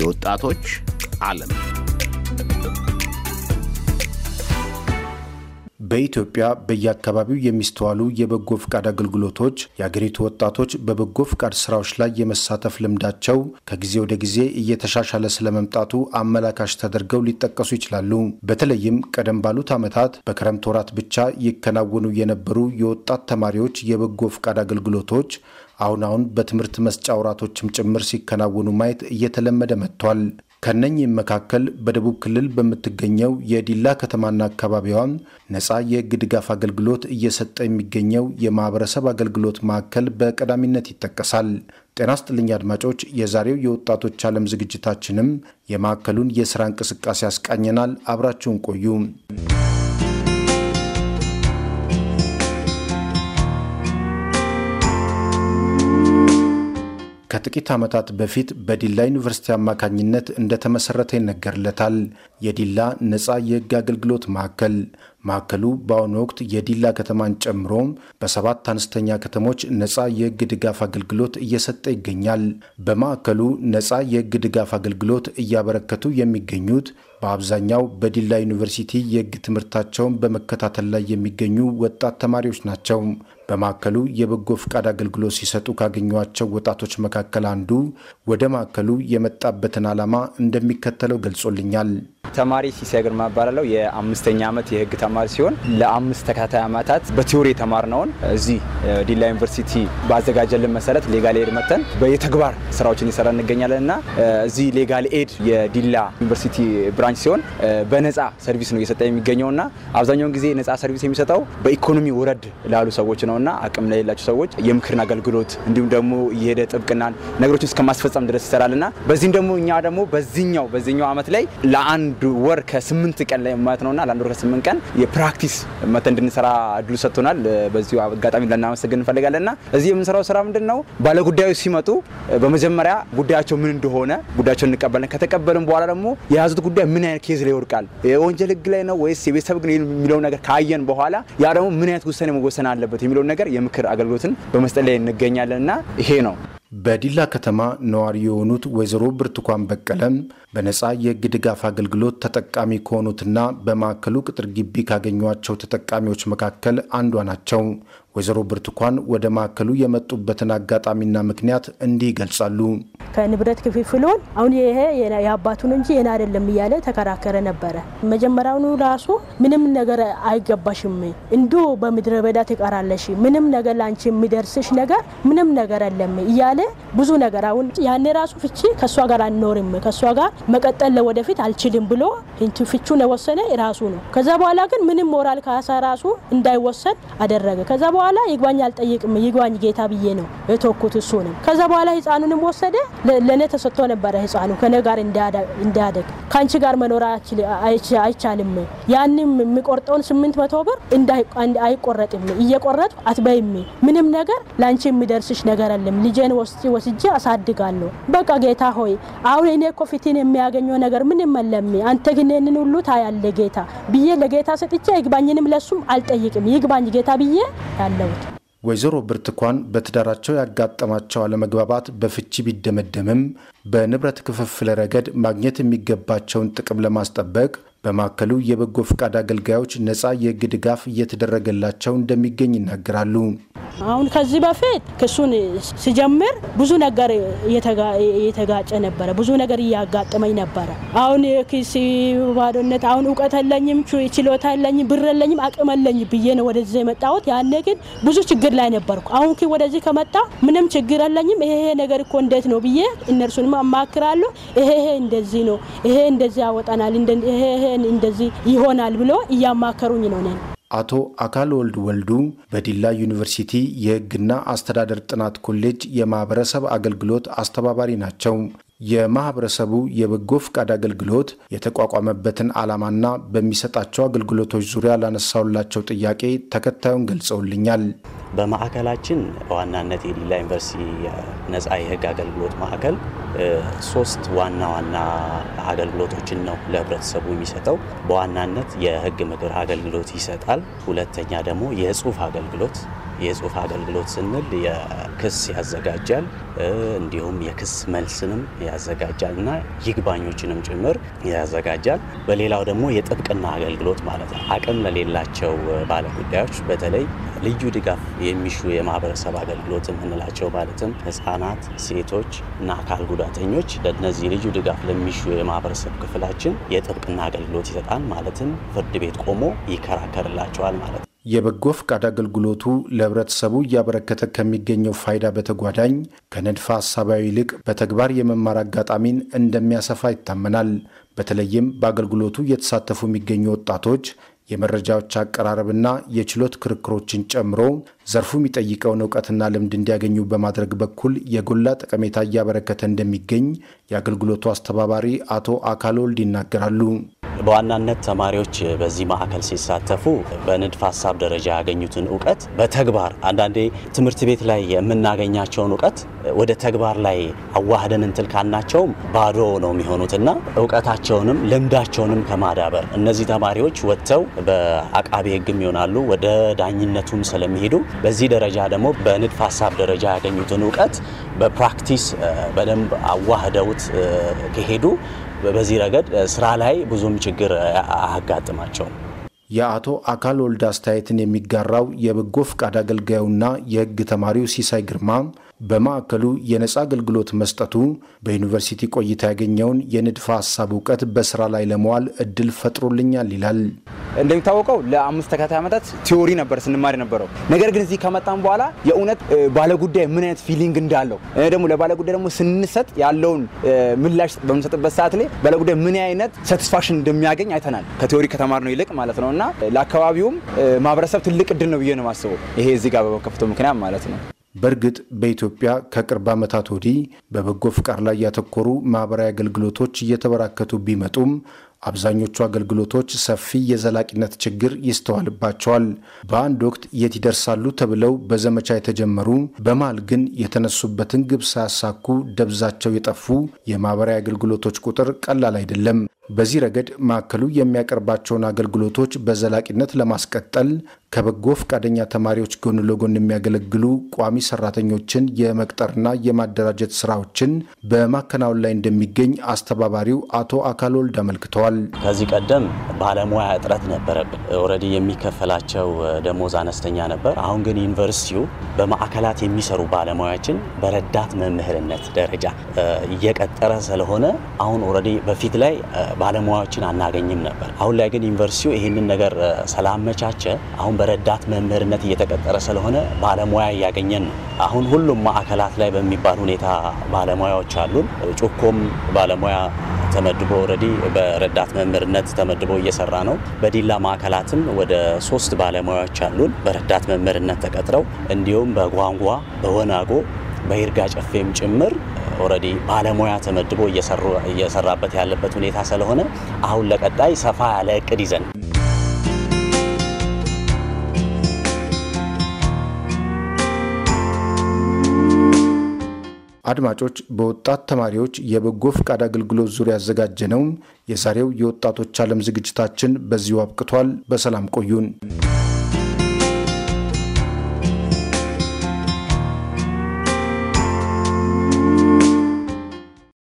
የወጣቶች ዓለም በኢትዮጵያ በየአካባቢው የሚስተዋሉ የበጎ ፍቃድ አገልግሎቶች የአገሪቱ ወጣቶች በበጎ ፍቃድ ስራዎች ላይ የመሳተፍ ልምዳቸው ከጊዜ ወደ ጊዜ እየተሻሻለ ስለመምጣቱ አመላካሽ ተደርገው ሊጠቀሱ ይችላሉ። በተለይም ቀደም ባሉት ዓመታት በክረምት ወራት ብቻ ይከናወኑ የነበሩ የወጣት ተማሪዎች የበጎ ፍቃድ አገልግሎቶች አሁን አሁን በትምህርት መስጫ ወራቶችም ጭምር ሲከናወኑ ማየት እየተለመደ መጥቷል። ከነኚህም መካከል በደቡብ ክልል በምትገኘው የዲላ ከተማና አካባቢዋም ነፃ የህግ ድጋፍ አገልግሎት እየሰጠ የሚገኘው የማህበረሰብ አገልግሎት ማዕከል በቀዳሚነት ይጠቀሳል። ጤና ስጥልኝ አድማጮች፣ የዛሬው የወጣቶች ዓለም ዝግጅታችንም የማዕከሉን የሥራ እንቅስቃሴ ያስቃኘናል። አብራችሁን ቆዩ። ከጥቂት ዓመታት በፊት በዲላ ዩኒቨርሲቲ አማካኝነት እንደተመሠረተ ይነገርለታል የዲላ ነፃ የህግ አገልግሎት ማዕከል። ማዕከሉ በአሁኑ ወቅት የዲላ ከተማን ጨምሮ በሰባት አነስተኛ ከተሞች ነፃ የህግ ድጋፍ አገልግሎት እየሰጠ ይገኛል። በማዕከሉ ነፃ የህግ ድጋፍ አገልግሎት እያበረከቱ የሚገኙት በአብዛኛው በዲላ ዩኒቨርሲቲ የህግ ትምህርታቸውን በመከታተል ላይ የሚገኙ ወጣት ተማሪዎች ናቸው። በማዕከሉ የበጎ ፍቃድ አገልግሎት ሲሰጡ ካገኟቸው ወጣቶች መካከል አንዱ ወደ ማዕከሉ የመጣበትን ዓላማ እንደሚከተለው ገልጾልኛል። ተማሪ ሲሳይ ግርማ እባላለሁ። የአምስተኛ ዓመት የህግ ተማሪ ሲሆን ለአምስት ተከታታይ ዓመታት በቲዎሪ የተማርነውን እዚህ ዲላ ዩኒቨርሲቲ ባዘጋጀልን መሰረት ሌጋል ኤድ መጥተን የተግባር ስራዎችን እየሰራ እንገኛለን እና እዚህ ሌጋል ኤድ የዲላ ዩኒቨርሲቲ ብራንች ሲሆን በነፃ ሰርቪስ ነው እየሰጠ የሚገኘው እና አብዛኛውን ጊዜ ነፃ ሰርቪስ የሚሰጠው በኢኮኖሚ ውረድ ላሉ ሰዎች ነው ነውና አቅም ለሌላቸው ሰዎች የምክርን አገልግሎት እንዲሁም ደግሞ እየሄደ ጥብቅናን ነገሮችን እስከማስፈጸም ድረስ ይሰራልና በዚህም ደግሞ እኛ ደግሞ በዚኛው በዚኛው አመት ላይ ለአንድ ወር ከስምንት ቀን ላይ ማለት ነውና ለአንድ ወር ከስምንት ቀን የፕራክቲስ መተ እንድንሰራ እድሉ ሰጥቶናል። በዚሁ አጋጣሚ ልናመሰግን እንፈልጋለንና እዚህ የምንሰራው ስራ ምንድን ነው? ባለጉዳዮች ሲመጡ በመጀመሪያ ጉዳያቸው ምን እንደሆነ ጉዳያቸው እንቀበለን። ከተቀበልን በኋላ ደግሞ የያዙት ጉዳይ ምን አይነት ኬዝ ላይ ይወድቃል፣ የወንጀል ህግ ላይ ነው ወይስ የቤተሰብ ህግ የሚለው ነገር ካየን በኋላ ያ ደግሞ ምን አይነት ውሳኔ መወሰን አለበት የሚለው ያለውን ነገር የምክር አገልግሎትን በመስጠት ላይ እንገኛለን እና ይሄ ነው። በዲላ ከተማ ነዋሪ የሆኑት ወይዘሮ ብርቱካን በቀለም በነፃ የህግ ድጋፍ አገልግሎት ተጠቃሚ ከሆኑትና በማዕከሉ ቅጥር ግቢ ካገኟቸው ተጠቃሚዎች መካከል አንዷ ናቸው። ወይዘሮ ብርቱካን ወደ ማዕከሉ የመጡበትን አጋጣሚና ምክንያት እንዲህ ይገልጻሉ። ከንብረት ክፍፍሎን አሁን ይሄ የአባቱን እንጂ የኔ አይደለም እያለ ተከራከረ ነበረ። መጀመሪያውኑ ራሱ ምንም ነገር አይገባሽም፣ እንዱ በምድረ በዳ ትቀራለሽ፣ ምንም ነገር ለአንቺ የሚደርስሽ ነገር ምንም ነገር አለም እያለ ብዙ ነገር አሁን ያኔ ራሱ ፍቺ ከእሷ ጋር አንኖርም ከእሷ ጋር መቀጠል ለወደፊት አልችልም ብሎ ፍቹን የወሰነ ራሱ ነው። ከዛ በኋላ ግን ምንም ሞራል ካሳ ራሱ እንዳይወሰን አደረገ። ከዛ በኋላ ይግባኝ አልጠይቅም ይግባኝ ጌታ ብዬ ነው የተወኩት እሱ ነው። ከዛ በኋላ ህፃኑንም ወሰደ ለእኔ ተሰጥቶ ነበረ ህፃኑ ከእኔ ጋር እንዳያደግ ከአንቺ ጋር መኖር አይቻልም፣ ያንም የሚቆርጠውን ስምንት መቶ ብር አይቆረጥም፣ እየቆረጡ አትበይም፣ ምንም ነገር ለአንቺ የሚደርስሽ ነገር አለም፣ ልጄን ወስጄ አሳድጋለሁ። በቃ ጌታ ሆይ አሁን እኔ እኮ ፊትን የሚያገኘው ነገር ምንም አለም፣ አንተ ግን ይህንን ሁሉ ታያለ ጌታ ብዬ ለጌታ ሰጥቼ ይግባኝንም ለሱም አልጠይቅም፣ ይግባኝ ጌታ ብዬ ያለሁት ወይዘሮ ብርቱካን በትዳራቸው ያጋጠማቸው አለመግባባት በፍቺ ቢደመደምም በንብረት ክፍፍል ረገድ ማግኘት የሚገባቸውን ጥቅም ለማስጠበቅ በማዕከሉ የበጎ ፍቃድ አገልጋዮች ነጻ የህግ ድጋፍ እየተደረገላቸው እንደሚገኝ ይናገራሉ። አሁን ከዚህ በፊት ክሱን ሲጀምር ብዙ ነገር እየተጋጨ ነበረ፣ ብዙ ነገር እያጋጠመኝ ነበረ። አሁን ክስ ባዶነት፣ አሁን እውቀት የለኝም፣ ችሎታ የለኝም፣ ብር የለኝም፣ አቅም የለኝ ብዬ ነው ወደዚህ የመጣሁት። ያኔ ግን ብዙ ችግር ላይ ነበርኩ። አሁን ወደዚህ ከመጣ ምንም ችግር የለኝም፣ ይሄ ነገር እኮ እንዴት ነው ብዬ እነርሱንም አማክራለሁ። ይሄ እንደዚህ ነው፣ ይሄ እንደዚህ ያወጣናል፣ ይሄ ይሄን እንደዚህ ይሆናል ብሎ እያማከሩኝ ነው ነን አቶ አካል ወልድ ወልዱ በዲላ ዩኒቨርሲቲ የሕግና አስተዳደር ጥናት ኮሌጅ የማህበረሰብ አገልግሎት አስተባባሪ ናቸው። የማህበረሰቡ የበጎ ፍቃድ አገልግሎት የተቋቋመበትን ዓላማና በሚሰጣቸው አገልግሎቶች ዙሪያ ላነሳውላቸው ጥያቄ ተከታዩን ገልጸውልኛል። በማዕከላችን በዋናነት የዲላ ዩኒቨርሲቲ ነጻ የሕግ አገልግሎት ማዕከል ሶስት ዋና ዋና አገልግሎቶችን ነው ለህብረተሰቡ የሚሰጠው። በዋናነት የህግ ምክር አገልግሎት ይሰጣል። ሁለተኛ ደግሞ የጽሁፍ አገልግሎት የጽሁፍ አገልግሎት ስንል የክስ ያዘጋጃል፣ እንዲሁም የክስ መልስንም ያዘጋጃል እና ይግባኞችንም ጭምር ያዘጋጃል። በሌላው ደግሞ የጥብቅና አገልግሎት ማለት ነው። አቅም ለሌላቸው ባለጉዳዮች በተለይ ልዩ ድጋፍ የሚሹ የማህበረሰብ አገልግሎት የምንላቸው ማለትም ህጻናት፣ ሴቶች እና አካል ጉዳተኞች ለነዚህ ልዩ ድጋፍ ለሚሹ የማህበረሰብ ክፍላችን የጥብቅና አገልግሎት ይሰጣል። ማለትም ፍርድ ቤት ቆሞ ይከራከርላቸዋል ማለት ነው። የበጎ ፈቃድ አገልግሎቱ ለህብረተሰቡ እያበረከተ ከሚገኘው ፋይዳ በተጓዳኝ ከንድፈ ሀሳባዊ ይልቅ በተግባር የመማር አጋጣሚን እንደሚያሰፋ ይታመናል። በተለይም በአገልግሎቱ እየተሳተፉ የሚገኙ ወጣቶች የመረጃዎች አቀራረብና የችሎት ክርክሮችን ጨምሮ ዘርፉ የሚጠይቀውን እውቀትና ልምድ እንዲያገኙ በማድረግ በኩል የጎላ ጠቀሜታ እያበረከተ እንደሚገኝ የአገልግሎቱ አስተባባሪ አቶ አካል ወልድ ይናገራሉ። በዋናነት ተማሪዎች በዚህ ማዕከል ሲሳተፉ በንድፍ ሀሳብ ደረጃ ያገኙትን እውቀት በተግባር አንዳንዴ ትምህርት ቤት ላይ የምናገኛቸውን እውቀት ወደ ተግባር ላይ አዋህደን እንትል ካልናቸውም ባዶ ነው የሚሆኑትና እውቀታቸውንም ልምዳቸውንም ከማዳበር እነዚህ ተማሪዎች ወጥተው በአቃቤ ሕግም ይሆናሉ ወደ ዳኝነቱም ስለሚሄዱ በዚህ ደረጃ ደግሞ በንድፍ ሀሳብ ደረጃ ያገኙትን እውቀት በፕራክቲስ በደንብ አዋህደውት ከሄዱ በዚህ ረገድ ስራ ላይ ብዙም ችግር አያጋጥማቸውም። የአቶ አካል ወልድ አስተያየትን የሚጋራው የበጎ ፈቃድ አገልጋዩና የሕግ ተማሪው ሲሳይ ግርማ በማዕከሉ የነፃ አገልግሎት መስጠቱ በዩኒቨርሲቲ ቆይታ ያገኘውን የንድፈ ሀሳብ እውቀት በስራ ላይ ለመዋል እድል ፈጥሮልኛል ይላል። እንደሚታወቀው ለአምስት ተከታታይ ዓመታት ቲዎሪ ነበር ስንማር ነበረው ነገር ግን እዚህ ከመጣም በኋላ የእውነት ባለጉዳይ ምን አይነት ፊሊንግ እንዳለው ደግሞ ለባለጉዳይ ደግሞ ስንሰጥ ያለውን ምላሽ በምንሰጥበት ሰዓት ላይ ባለጉዳይ ምን አይነት ሳቲስፋክሽን እንደሚያገኝ አይተናል። ከቲዎሪ ከተማርነው ይልቅ ማለት ነው እና ለአካባቢውም ማህበረሰብ ትልቅ እድል ነው ብዬ ነው የማስበው። ይሄ እዚህ ጋር በመከፍቶ ምክንያት ማለት ነው። በእርግጥ በኢትዮጵያ ከቅርብ ዓመታት ወዲህ በበጎ ፍቃድ ላይ ያተኮሩ ማህበራዊ አገልግሎቶች እየተበራከቱ ቢመጡም አብዛኞቹ አገልግሎቶች ሰፊ የዘላቂነት ችግር ይስተዋልባቸዋል። በአንድ ወቅት የት ይደርሳሉ ተብለው በዘመቻ የተጀመሩ በመሃል ግን የተነሱበትን ግብ ሳያሳኩ ደብዛቸው የጠፉ የማህበራዊ አገልግሎቶች ቁጥር ቀላል አይደለም። በዚህ ረገድ ማዕከሉ የሚያቀርባቸውን አገልግሎቶች በዘላቂነት ለማስቀጠል ከበጎ ፈቃደኛ ተማሪዎች ጎን ለጎን የሚያገለግሉ ቋሚ ሰራተኞችን የመቅጠርና የማደራጀት ስራዎችን በማከናወን ላይ እንደሚገኝ አስተባባሪው አቶ አካል ወልድ አመልክተዋል። ከዚህ ቀደም ባለሙያ እጥረት ነበረብን። ኦልሬዲ የሚከፈላቸው ደሞዝ አነስተኛ ነበር። አሁን ግን ዩኒቨርሲቲው በማዕከላት የሚሰሩ ባለሙያዎችን በረዳት መምህርነት ደረጃ እየቀጠረ ስለሆነ አሁን ኦልሬዲ በፊት ላይ ባለሙያዎችን አናገኝም ነበር። አሁን ላይ ግን ዩኒቨርሲቲው ይህንን ነገር ስላመቻቸ አሁን በረዳት መምህርነት እየተቀጠረ ስለሆነ ባለሙያ እያገኘን ነው። አሁን ሁሉም ማዕከላት ላይ በሚባል ሁኔታ ባለሙያዎች አሉን። ጩኮም ባለሙያ ተመድቦ ረዲ በረዳት መምህርነት ተመድቦ እየሰራ ነው። በዲላ ማዕከላትም ወደ ሶስት ባለሙያዎች አሉን በረዳት መምህርነት ተቀጥረው እንዲሁም በጓንጓ በወናጎ በይርጋ ጨፌም ጭምር ኦልሬዲ ባለሙያ ተመድቦ እየሰራበት ያለበት ሁኔታ ስለሆነ አሁን ለቀጣይ ሰፋ ያለ እቅድ ይዘን አድማጮች በወጣት ተማሪዎች የበጎ ፍቃድ አገልግሎት ዙሪያ ያዘጋጀ ነው። የዛሬው የወጣቶች ዓለም ዝግጅታችን በዚሁ አብቅቷል። በሰላም ቆዩን።